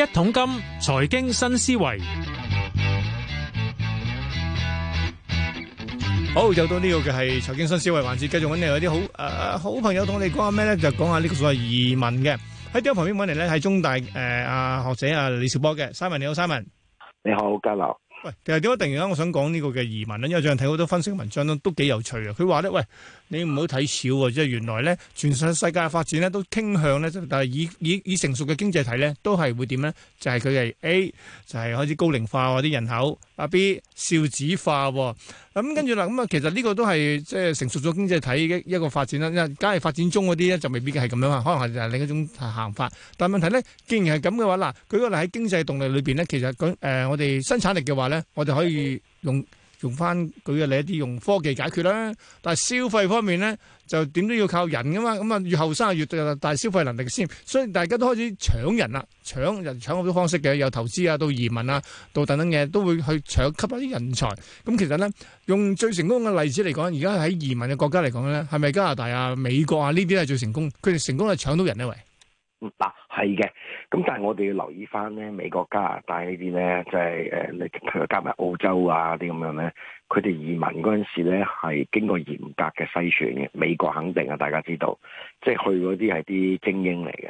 一桶金財經新思維，好，又到呢個嘅係財經新思維，還是繼續揾另外一啲好誒，好朋友同我哋講下咩咧？就講下呢個所謂移民嘅喺呢個旁邊揾嚟咧，係中大誒，阿學者阿李兆波嘅 Simon，你好 Simon，你好交流。喂，其實點解突然間我想講呢個嘅移民咧？因為最近睇好多分析文章都幾有趣啊！佢話咧，喂，你唔好睇少喎，即係原來咧，全世界嘅發展咧，都傾向咧，但係已已已成熟嘅經濟體咧，都係會點咧？就係佢係 A，就係開始高齡化啲人口，阿 B 少子化，咁、嗯、跟住啦，咁啊，其實呢個都係即係成熟咗經濟體嘅一個發展啦。因為假如發展中嗰啲咧，就未必係咁樣可能係另一種行法。但係問題咧，既然係咁嘅話，嗱，舉個例喺經濟動力裏邊咧，其實講誒、呃，我哋生產力嘅話。咧，我哋可以用用翻佢嘅嚟一啲用科技解決啦。但係消費方面咧，就點都要靠人噶嘛。咁啊，越後生啊，越大消費能力先。所以大家都開始搶人啦，搶人搶好多方式嘅，有投資啊，到移民啊，到等等嘢都會去搶，吸下啲人才。咁、嗯、其實咧，用最成功嘅例子嚟講，而家喺移民嘅國家嚟講咧，係咪加拿大啊、美國啊呢啲係最成功？佢哋成功係搶到人呢喂，嗱，係嘅。咁、嗯、但係我哋要留意翻咧，美國加拿大呢啲咧就係、是、誒、呃，你加埋澳洲啊啲咁樣咧，佢哋移民嗰陣時咧係經過嚴格嘅篩選嘅。美國肯定啊，大家知道，即係去嗰啲係啲精英嚟嘅。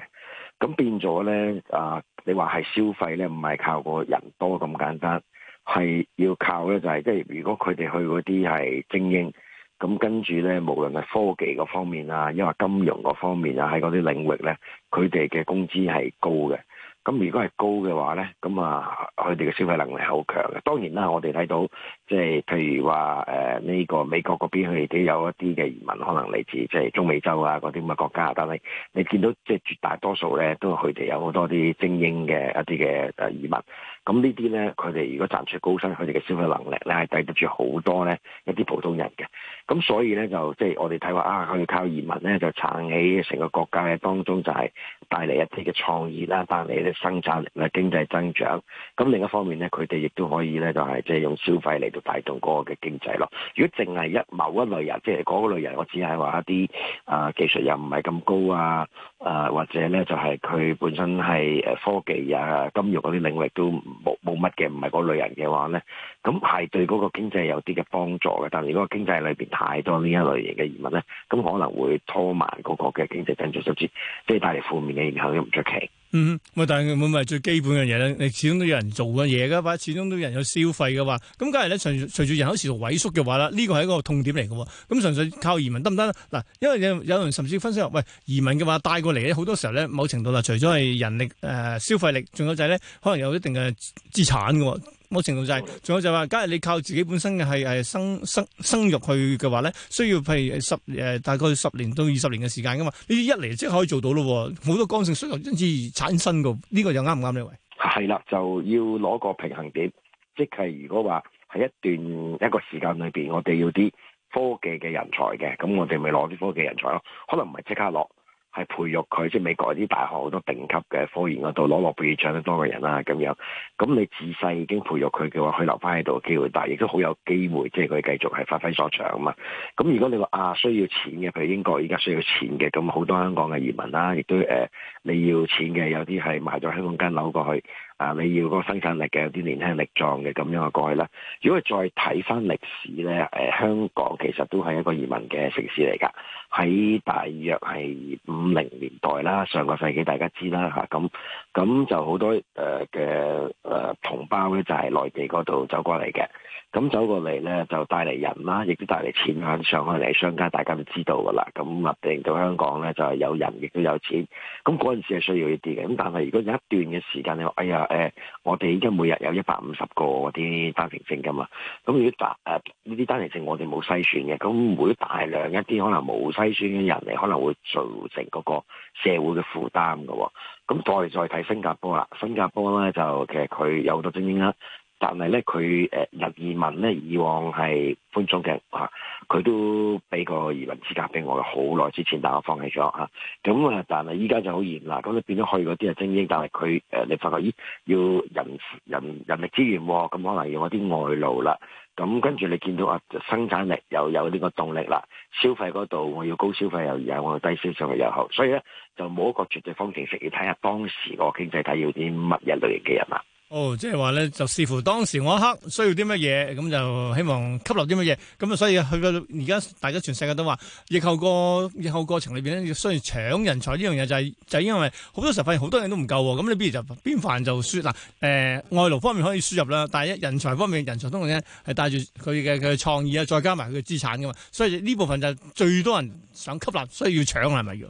咁變咗咧啊，你話係消費咧，唔係靠個人多咁簡單，係要靠咧就係、是、即係如果佢哋去嗰啲係精英。咁跟住咧，無論係科技嗰方面啊，因為金融嗰方面啊，喺嗰啲領域咧，佢哋嘅工資係高嘅。咁如果係高嘅話咧，咁啊，佢哋嘅消費能力係好強嘅。當然啦，我哋睇到。即係譬如話，誒，呢個美國嗰邊佢哋都有一啲嘅移民，可能嚟自即係中美洲啊嗰啲咁嘅國家，但係你見到即係絕大多數咧，都係佢哋有好多啲精英嘅一啲嘅移民，咁呢啲咧，佢哋如果賺出高薪，佢哋嘅消費能力咧係抵得住好多咧一啲普通人嘅，咁所以咧就即係我哋睇話啊，佢靠移民咧就撐起成個國家嘅，當中就係帶嚟一啲嘅創意啦，帶嚟啲生產力、經濟增長。咁另一方面咧，佢哋亦都可以咧就係即係用消費嚟到。帶動嗰個嘅經濟咯。如果淨係一某一類人，即係嗰類人，我只係話一啲啊、呃、技術又唔係咁高啊，啊、呃、或者咧就係、是、佢本身係誒科技啊、金融嗰啲領域都冇冇乜嘅，唔係嗰類人嘅話咧，咁係對嗰個經濟有啲嘅幫助嘅。但係如果個經濟裏邊太多呢一類型嘅移民咧，咁可能會拖慢嗰個嘅經濟增長，甚至即係帶嚟負面嘅影響，都唔出奇。嗯，喂，但係冇咪最基本嘅嘢咧？你始終都有人做嘅嘢噶，或者始終都有人有消費嘅話，咁梗係咧隨隨住人口持續萎縮嘅話啦，呢個係一個痛點嚟嘅。咁純粹靠移民得唔得咧？嗱，因為有有人甚至分析話，喂，移民嘅話帶過嚟，好多時候咧，某程度啦，除咗係人力誒、呃、消費力，仲有就係、是、咧，可能有一定嘅資產嘅。某程度就係、是，仲有就係、是、話，假如你靠自己本身嘅係誒生生生育去嘅話咧，需要譬如十誒、呃、大概十年到二十年嘅時間噶嘛，呢啲一嚟即係可以做到咯，好多剛性需求因此而產生噶，呢、這個又啱唔啱呢位？係啦，就要攞個平衡點，即係如果話喺一段一個時間裏邊，我哋要啲科技嘅人才嘅，咁我哋咪攞啲科技人才咯，可能唔係即刻攞。係培育佢，即係美國啲大學好多頂級嘅科研嗰度攞諾貝爾獎得多嘅人啦，咁樣，咁你自細已經培育佢嘅話，佢留翻喺度嘅機會大，亦都好有機會，即係佢繼續係發揮所長啊嘛。咁如果你話啊需要錢嘅，譬如英國而家需要錢嘅，咁好多香港嘅移民啦、啊，亦都誒、呃、你要錢嘅，有啲係賣咗香港間樓過去。啊 pir！你要嗰個生產力嘅，有啲年輕力壯嘅咁樣嘅過去啦。如果再睇翻歷史咧，誒香港其實都係一個移民嘅城市嚟㗎。喺大約係五零年代啦，上個世紀大家知啦嚇。咁咁就好多誒嘅誒同胞咧，就係內地嗰度走過嚟嘅。咁走過嚟咧，就帶嚟人啦，亦都帶嚟錢響上海嚟。商家大家都知道㗎啦。咁啊，定到香港咧就係有人，亦都有錢。咁嗰陣時係需要呢啲嘅。咁但係如果有一段嘅時間你話，哎呀～誒、呃，我哋依家每日有一百五十個嗰啲單程證㗎嘛，咁如果大誒呢啲單程證我哋冇篩選嘅，咁如大量一啲可能冇篩選嘅人嚟，可能會造成嗰個社會嘅負擔嘅。咁再再睇新加坡啦，新加坡咧就其實佢有好多精英啦。但係咧，佢誒入移民咧，以往係寬鬆嘅嚇，佢、啊、都俾個移民資格俾我，好耐之前，但我放棄咗嚇。咁啊，但係依家就好嚴啦，咁你變咗去嗰啲係精英，但係佢誒你發覺，咦，要人人人力資源喎，咁、啊、可能要啲外勞啦。咁、啊、跟住你見到啊，生產力又有呢個動力啦，消費嗰度我要高消費又好，我要低消費又好，所以咧就冇一個絕對方程式，要睇下當時個經濟體要啲乜嘢類型嘅人啦。哦，即係話咧，就視乎當時我一刻需要啲乜嘢，咁就希望吸納啲乜嘢，咁啊，所以去到而家，大家全世界都話，疫後個疫後過程裏邊咧，要需要搶人才呢樣嘢，就係就因為好多時候發現好多人都唔夠，咁你不如就邊範就輸啦，誒、呃、外勞方面可以輸入啦，但係一人才方面，人才當然咧係帶住佢嘅嘅創意啊，再加埋佢嘅資產噶嘛，所以呢部分就係最多人想吸納，需要搶係咪？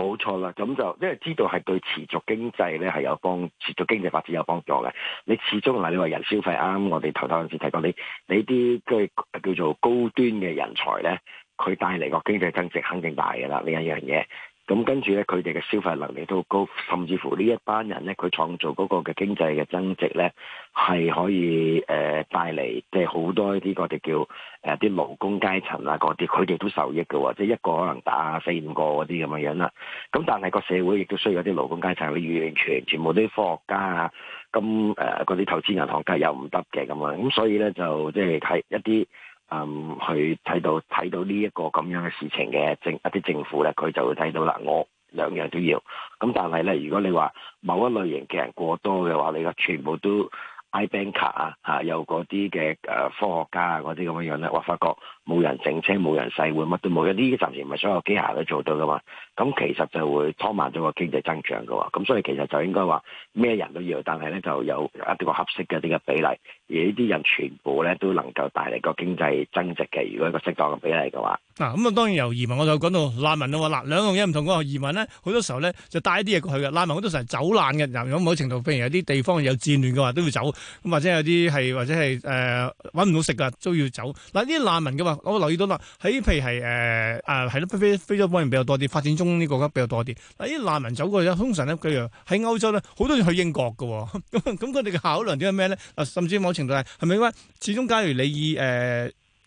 冇錯啦，咁就因為知道係對持續經濟咧係有幫持續經濟發展有幫助嘅。你始終嗱，你話人消費啱，我哋頭頭嗰陣時提過，你你啲即係叫做高端嘅人才咧，佢帶嚟個經濟增值肯定大嘅啦，呢一樣嘢。咁跟住咧，佢哋嘅消費能力都高，甚至乎呢一班人咧，佢創造嗰個嘅經濟嘅增值咧，係可以誒、呃、帶嚟即係好多呢啲我哋叫誒啲、呃、勞工階層啊，嗰啲佢哋都受益嘅喎、哦，即係一個可能打四五個嗰啲咁嘅樣啦。咁但係個社會亦都需要啲勞工階層去完全全部啲科學家啊，咁誒嗰啲投資銀行家又唔得嘅咁樣。咁所以咧就即係睇一啲。嗯，去睇到睇到呢一個咁樣嘅事情嘅政一啲政府咧，佢就會睇到啦。我兩樣都要。咁但係咧，如果你話某一類型嘅人過多嘅話，你話全部都 I banker、er、啊，嚇、啊，有嗰啲嘅誒科學家啊，嗰啲咁樣咧，我發覺。冇人整車，冇人細換，乜都冇。呢啲暫時唔係所有機械都做到㗎嘛。咁其實就會拖慢咗個經濟增長嘅喎。咁所以其實就應該話咩人都要，但係咧就有一啲個合適嘅呢個比例。而呢啲人全部咧都能夠帶嚟個經濟增值嘅。如果一個適當嘅比例嘅話，嗱咁啊、嗯、當然由移民，我就講到難民啦。嗱，兩個嘢唔同嘅。移民咧好多時候咧就帶啲嘢過去嘅。難民好多時候走難嘅，有有某程度譬如有啲地方有戰亂嘅話都要走，咁或者有啲係或者係誒揾唔到食嘅都要走。嗱，呢啲難民嘅話。我留意到啦，喺譬如係誒誒，係、呃、咯，非非洲方面比較多啲，發展中呢國家比較多啲。嗱，啲難民走過嚟，通常咧，佢喺歐洲咧，好多人去英國嘅。咁咁，佢哋嘅考量點係咩咧？啊，甚至某程度係係咪因為始終假如你以誒、呃、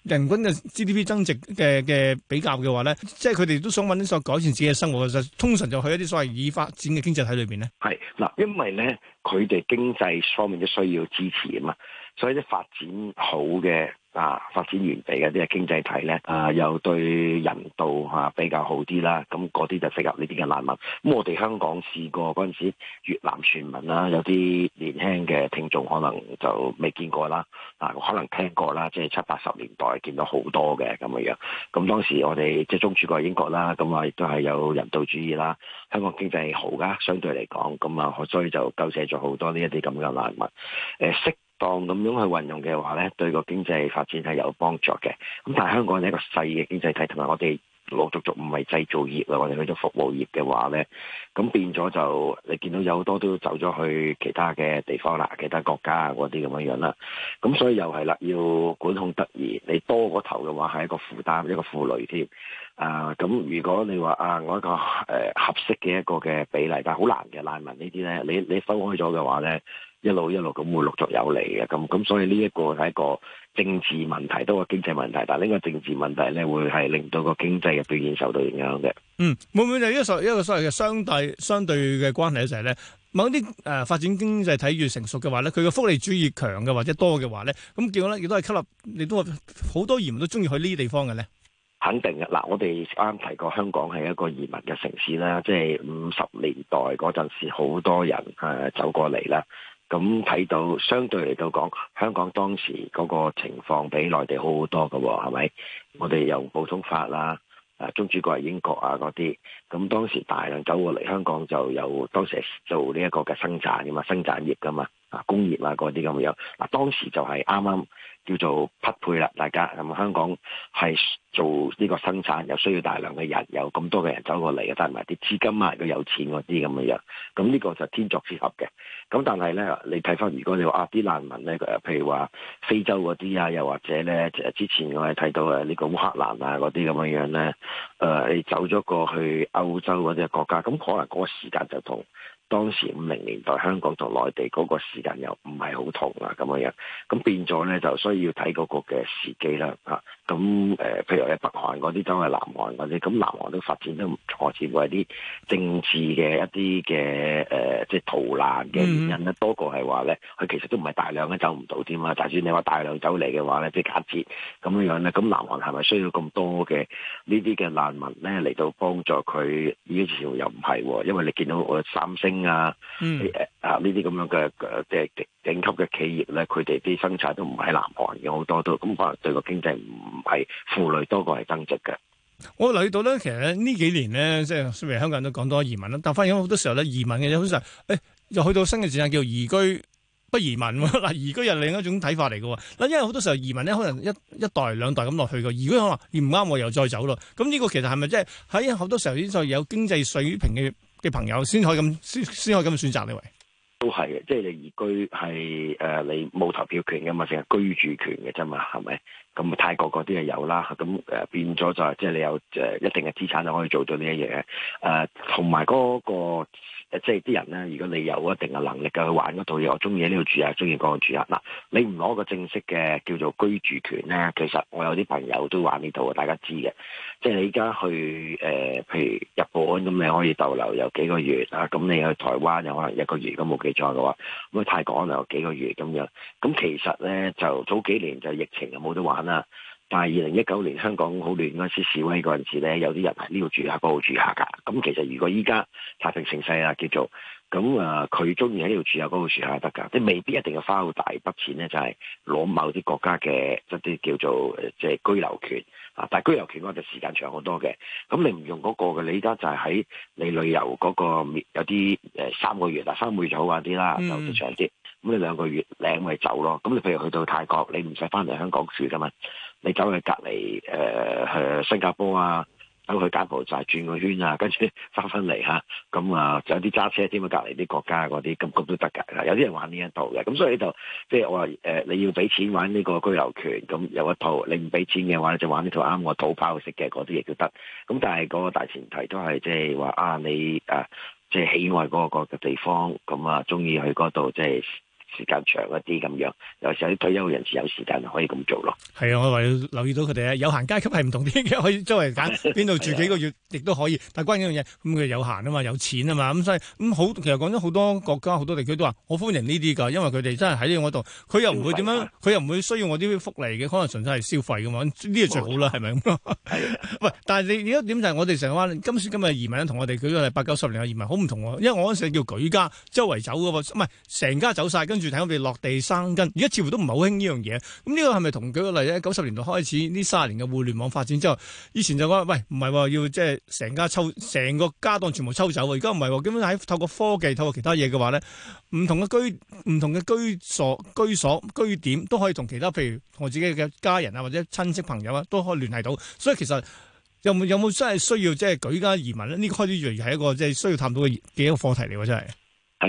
人均嘅 GDP 增值嘅嘅比較嘅話咧，即係佢哋都想揾啲所改善自己嘅生活，嘅時候，通常就去一啲所謂已發展嘅經濟體裏邊咧。係嗱，因為咧，佢哋經濟方面都需要支持啊嘛。所以啲發展好嘅啊，發展完備嘅啲經濟體咧，啊又對人道啊比較好啲啦。咁嗰啲就適合呢啲嘅難民。咁我哋香港試過嗰陣時，越南船民啦、啊，有啲年輕嘅聽眾可能就未見過啦，啊可能聽過啦，即係七八十年代見到好多嘅咁嘅樣。咁當時我哋即係宗主國係英國啦，咁啊亦都係有人道主義啦。香港經濟好㗎，相對嚟講，咁啊所以就救濟咗好多呢一啲咁嘅難民。誒、欸、識。咁樣去運用嘅話咧，對個經濟發展係有幫助嘅。咁但係香港係一個細嘅經濟體，同埋我哋陸續續唔係製造業啦，我哋去咗服務業嘅話咧，咁變咗就你見到有好多都走咗去其他嘅地方啦，其他國家嗰啲咁樣樣啦。咁所以又係啦，要管控得宜。你多過頭嘅話係一個負擔，一個負累添。啊，咁如果你話啊，我一個誒、呃、合適嘅一個嘅比例，但係好難嘅難民呢啲咧，你你收開咗嘅話咧。一路一路咁會陸續有嚟嘅，咁咁所以呢一個係一個政治問題，都係經濟問題，但係呢個政治問題咧，會係令到個經濟嘅表現受到影響嘅。嗯，會唔會就係一個所謂嘅相對相對嘅關係就係、是、咧，某啲誒、呃、發展經濟體越成熟嘅話咧，佢嘅福利主義強嘅或者多嘅話咧，咁結果咧亦都係吸納，亦都好多移民都中意去呢啲地方嘅咧。肯定嘅，嗱，我哋啱提過香港係一個移民嘅城市啦，即係五十年代嗰陣時，好多人誒、呃、走過嚟啦。咁睇到，相對嚟到講，香港當時嗰個情況比內地好好多嘅喎、哦，係咪？我哋有普通法啦，啊，宗主國係英國啊嗰啲，咁當時大量走過嚟香港，就有當時做呢一個嘅生產嘅嘛，生產業嘅嘛，啊，工業啊嗰啲咁樣，嗱、啊、當時就係啱啱。叫做匹配啦，大家咁香港係做呢個生產，又需要大量嘅人，有咁多嘅人走過嚟、嗯嗯，但加埋啲資金啊，佢有錢嗰啲咁嘅樣，咁呢個就天作之合嘅。咁但係咧，你睇翻如果你話啊啲難民咧，譬如話非洲嗰啲啊，又或者咧，之前我哋睇到啊呢個烏克蘭啊嗰啲咁嘅樣咧、呃，你走咗過去歐洲嗰啲國家，咁、嗯、可能嗰個時間就同。當時五零年代香港同內地嗰個時間又唔係好同啦咁樣，咁變咗咧就需要睇嗰個嘅時機啦嚇。咁誒、呃，譬如喺北韓嗰啲，走係南韓嗰啲，咁南韓都發展得唔錯似乎係啲政治嘅一啲嘅誒，即係逃難嘅原因啦，多過係話咧，佢其實都唔係大量嘅走唔到添啊。就算你話大量走嚟嘅話咧，即係假設咁樣咧，咁南韓係咪需要咁多嘅呢啲嘅難民咧嚟到幫助佢？呢啲似乎又唔係喎，因為你見到我三星。啊，呢啲咁樣嘅，即係頂級嘅企業咧，佢哋啲生產都唔喺南韓嘅，好多都咁，可能對個經濟唔係負累多過係增值嘅。我留意到咧，其實呢幾年咧，即係香港人都講多移民啦，但係發現好多時候咧，移民嘅嘢其實，誒，又、哎、去到新嘅時間叫移居不移民，嗱， 移居又另一種睇法嚟嘅。嗱，因為好多時候移民咧，可能一一代兩代咁落去嘅，移居可能你唔啱，我又再走咯。咁呢個其實係咪即係喺好多時候已經再有經濟水平嘅？嘅朋友先可以咁，先先可以咁選擇呢位，都係嘅，即係你移居係誒、呃、你冇投票權㗎嘛，淨係居住權嘅啫嘛，係咪？咁泰國嗰啲係有啦，咁誒變咗就係、是、即係你有誒、呃、一定嘅資產就可以做到呢一樣嘢，同埋嗰個。即係啲人咧，如果你有一定嘅能力嘅去玩嗰套嘢，我中意喺呢度住下，中意嗰度住下。嗱，你唔攞個正式嘅叫做居住權咧，其實我有啲朋友都玩呢度，大家知嘅。即係你而家去誒、呃，譬如日本咁，你可以逗留有幾個月啊。咁你去台灣有可能一個月，如果冇記錯嘅話，咁泰國有幾個月咁樣。咁其實咧，就早幾年就疫情就冇得玩啦。係二零一九年香港好亂嗰次示威嗰陣時咧，有啲人係呢度住下，嗰度住下噶。咁其實如果依家太平盛世啦，叫做咁啊，佢中意喺呢度住下，嗰度住下得噶。即係未必一定要花好大筆錢咧，就係攞某啲國家嘅一啲叫做即係居留權啊。但係居留權嗰就時間長好多嘅。咁你唔用嗰個嘅，你依家就係喺你旅遊嗰個有啲誒三個月啊，三個月就好玩啲啦，就長啲。咁你兩個月領咪走咯。咁你譬如去到泰國，你唔使翻嚟香港住噶嘛。你走去隔離誒誒，呃、去新加坡啊，走去柬埔寨轉個圈啊，跟住翻返嚟嚇，咁啊有啲揸車添啊，啊有有隔離啲國家嗰啲，咁咁都得㗎。有啲人玩呢一套嘅，咁所以呢度，即係我話誒，你要俾錢玩呢個居留權，咁有一套你，你唔俾錢嘅話，就玩呢套啱我土炮式嘅嗰啲嘢都得。咁但係嗰個大前提都係即係話啊，你誒即係喜愛嗰、嗰個、嗰個地方，咁啊中意去嗰度即係。即係時間長一啲咁樣，有時候啲退休人士有時間就可以咁做咯。係啊，我話要留意到佢哋啊，有閒階級係唔同啲嘅，可以周圍揀邊度住幾個月， 亦都可以。但係關於呢樣嘢，咁、嗯、佢有閒啊嘛，有錢啊嘛，咁、嗯、所以咁、嗯、好。其實講咗好多國家好多地區都話，我歡迎呢啲㗎，因為佢哋真係喺呢度，佢又唔會點樣，佢、啊、又唔會需要我啲福利嘅，可能純粹係消費㗎嘛。呢個最好啦，係咪咁咯？係。喂，但係你另一點就係我哋成日話，今時今日移民同我哋嗰個八九十年嘅移民好唔同喎、啊，因為我嗰時叫舉家周圍走嘅喎，唔係成家走晒。跟。住睇我哋落地生根，而家似乎都唔係好興呢樣嘢。咁、嗯、呢、呢個係咪同舉個例咧？九十年代開始呢三十年嘅互聯網發展之後，以前就講喂，唔係話要即係成家抽，成個家當全部抽走啊！而家唔係，基本喺透過科技、透過其他嘢嘅話咧，唔同嘅居、唔同嘅居所、居所，居，所居點都可以同其他譬如我自己嘅家人啊，或者親戚朋友啊，都可以聯繫到。所以其實有冇有冇真係需要即係舉家移民咧？呢、呢個開始越嚟越係一個即係需要探討嘅一個課題嚟喎，真係。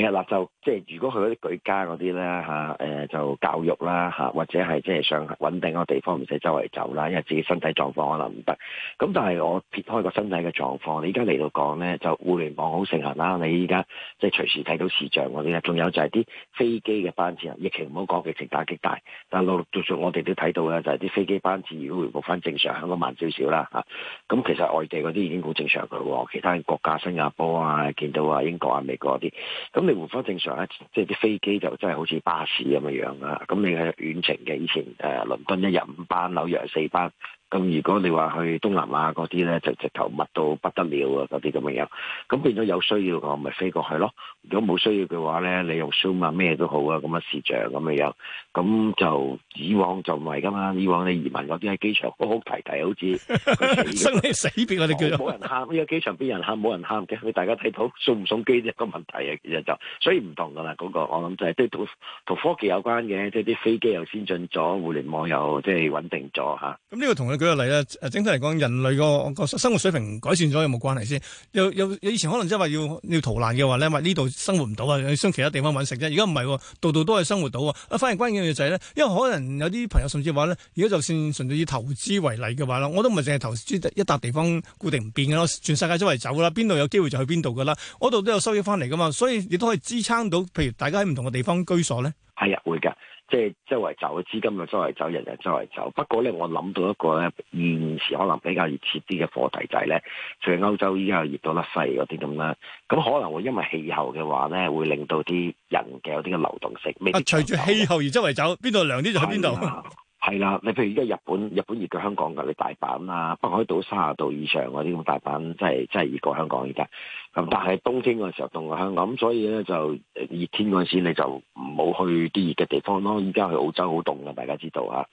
係嗱，就即係如果佢嗰啲舉家嗰啲咧嚇，誒就教育啦嚇，或者係即係想穩定個地方，唔使周圍走啦，因為自己身體狀況可能唔得。咁但係我撇開個身體嘅狀況，你而家嚟到講咧，就互聯網好盛行啦。你依家即係隨時睇到視像嗰啲咧，仲有就係啲飛機嘅班次，疫情唔好講，疫情打擊大，但係陸陸續續我哋都睇到咧，就係啲飛機班次如果回復翻正常，響得慢少少啦嚇。咁其實外地嗰啲已經好正常嘅喎，其他國家新加坡啊，見到啊英國啊、美國嗰啲咁。咁你回翻正常咧，即係啲飛機就真係好似巴士咁嘅樣啦。咁你係遠程嘅，以前誒倫敦一日五班，紐約四班。咁如果你話去東南亞嗰啲咧，就直頭密到不得了啊！嗰啲咁嘅樣，咁變咗有需要我咪飛過去咯。如果冇需要嘅話咧，你用 Zoom 啊咩都好啊，咁啊視像咁嘅樣，咁就以往就唔係噶嘛。以往你移民嗰啲喺機場好好提提，好似生離死別，我哋叫冇人喊。依家機場邊人喊？冇人喊嘅，大家睇到送唔送機啫個問題啊，其實就所以唔同噶啦。嗰個我諗就係都同科技有關嘅，即係啲飛機又先進咗，互聯網又即係穩定咗嚇。咁呢個同嚟啦！誒，整體嚟講，人類個生活水平改善咗，有冇關係先？有有以前可能即係話要要逃難嘅話咧，話呢度生活唔到啊，要去其他地方揾食啫。而家唔係喎，度度都可以生活到啊！反而關鍵嘅嘢就係、是、咧，因為可能有啲朋友甚至話咧，如果就算純粹以投資為例嘅話啦，我都唔係淨係投資一笪地方固定唔變嘅咯，全世界周圍走啦，邊度有機會就去邊度噶啦，嗰度都，都有收益翻嚟噶嘛，所以亦都可以支撐到，譬如大家喺唔同嘅地方居所咧，係啊，會㗎。即係周圍走嘅資金就周圍走，人人周圍走。不過咧，我諗到一個咧，現時可能比較熱切啲嘅課題就係咧，除咗歐洲依家熱到甩晒嗰啲咁啦。咁可能會因為氣候嘅話咧，會令到啲人嘅有啲嘅流動性。啊，隨住氣候而周圍走，邊度涼啲就去邊度。係啦，你譬如而家日本日本熱過香港㗎，你大阪啊、北海道卅度以上嗰啲咁，大阪真係真係熱過香港而家。咁、嗯嗯、但係冬天嗰時候凍過香港，咁所以咧就熱天嗰陣時你就唔好去啲熱嘅地方咯。而家去澳洲好凍嘅，大家知道嚇。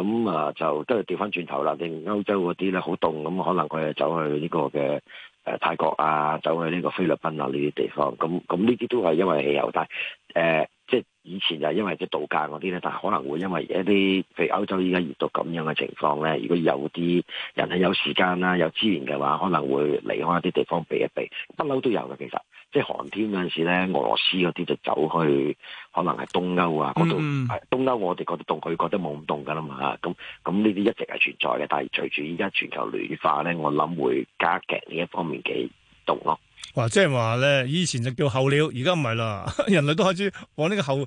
咁啊就都係調翻轉頭啦，你歐洲嗰啲咧好凍，咁可能佢就走去呢、呢個嘅誒、呃、泰國啊，走去呢個菲律賓啊呢啲地方。咁咁呢啲都係因為氣候大誒。但呃即係以前就係因為即係度假嗰啲咧，但係可能會因為一啲譬如歐洲而家熱到咁樣嘅情況咧，如果有啲人係有時間啦、有資源嘅話，可能會離開一啲地方避一避，不嬲都有嘅。其實即係寒天嗰陣時咧，俄羅斯嗰啲就走去可能係東歐啊嗰度，東歐我哋覺得凍，佢覺得冇咁凍噶啦嘛。咁咁呢啲一直係存在嘅，但係隨住而家全球暖化咧，我諗會加劇呢一方面嘅動咯。哇！即係話咧，以前就叫候鳥，而家唔係啦，人類都開始往呢、這個候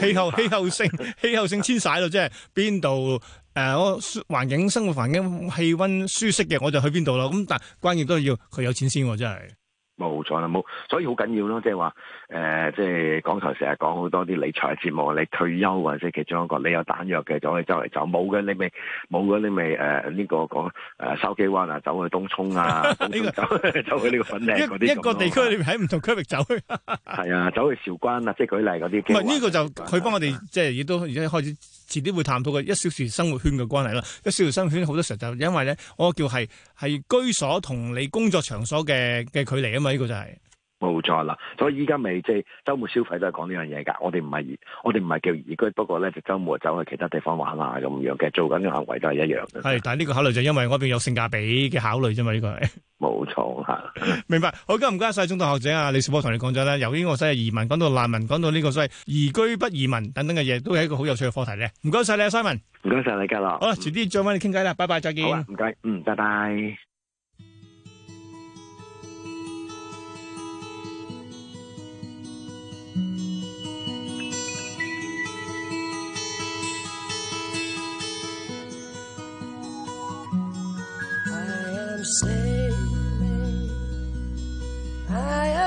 氣候氣候，候性氣候性遷徙咯，即係邊度誒，我環境生活環境氣溫舒適嘅，我就去邊度啦。咁但關鍵都要佢有錢先、哦，真係。冇錯啦，冇，所以好緊要咯，即係話誒，即係講頭成日講好多啲理財嘅節目，你退休或者其中一個，你有彈藥嘅就可以周圍走，冇嘅你咪，冇嘅你咪誒呢個講誒筲箕灣啊，走去東涌啊，走走去呢個粉嶺嗰啲，一一個地區你喺唔同區域走去，係啊，走去韶關啊，即係舉例嗰啲。唔係呢個就佢幫我哋即係亦都而家開始遲啲會探討個一小時生活圈嘅關係啦。一小時生活圈好多時候就因為咧，我叫係係居所同你工作場所嘅嘅距離啊嘛。呢個就係冇錯啦，所以依家咪即係周末消費都係講呢樣嘢噶。我哋唔係我哋唔係叫移居，不過咧就周末走去其他地方玩下咁樣，嘅做緊嘅行為都係一樣嘅。係，但係呢個考慮就因為我邊有性價比嘅考慮啫嘛。呢個係冇錯吓，明白。好，唔該晒中大學者啊，李兆波同你講咗啦。由呢個所謂移民講到難民，講到呢個所謂移居不移民等等嘅嘢，都係一個好有趣嘅課題咧。唔該晒你啊，Simon。唔該晒你，格樂。好啦，遲啲再搵你傾偈啦。拜拜，再見。唔該，嗯，拜拜。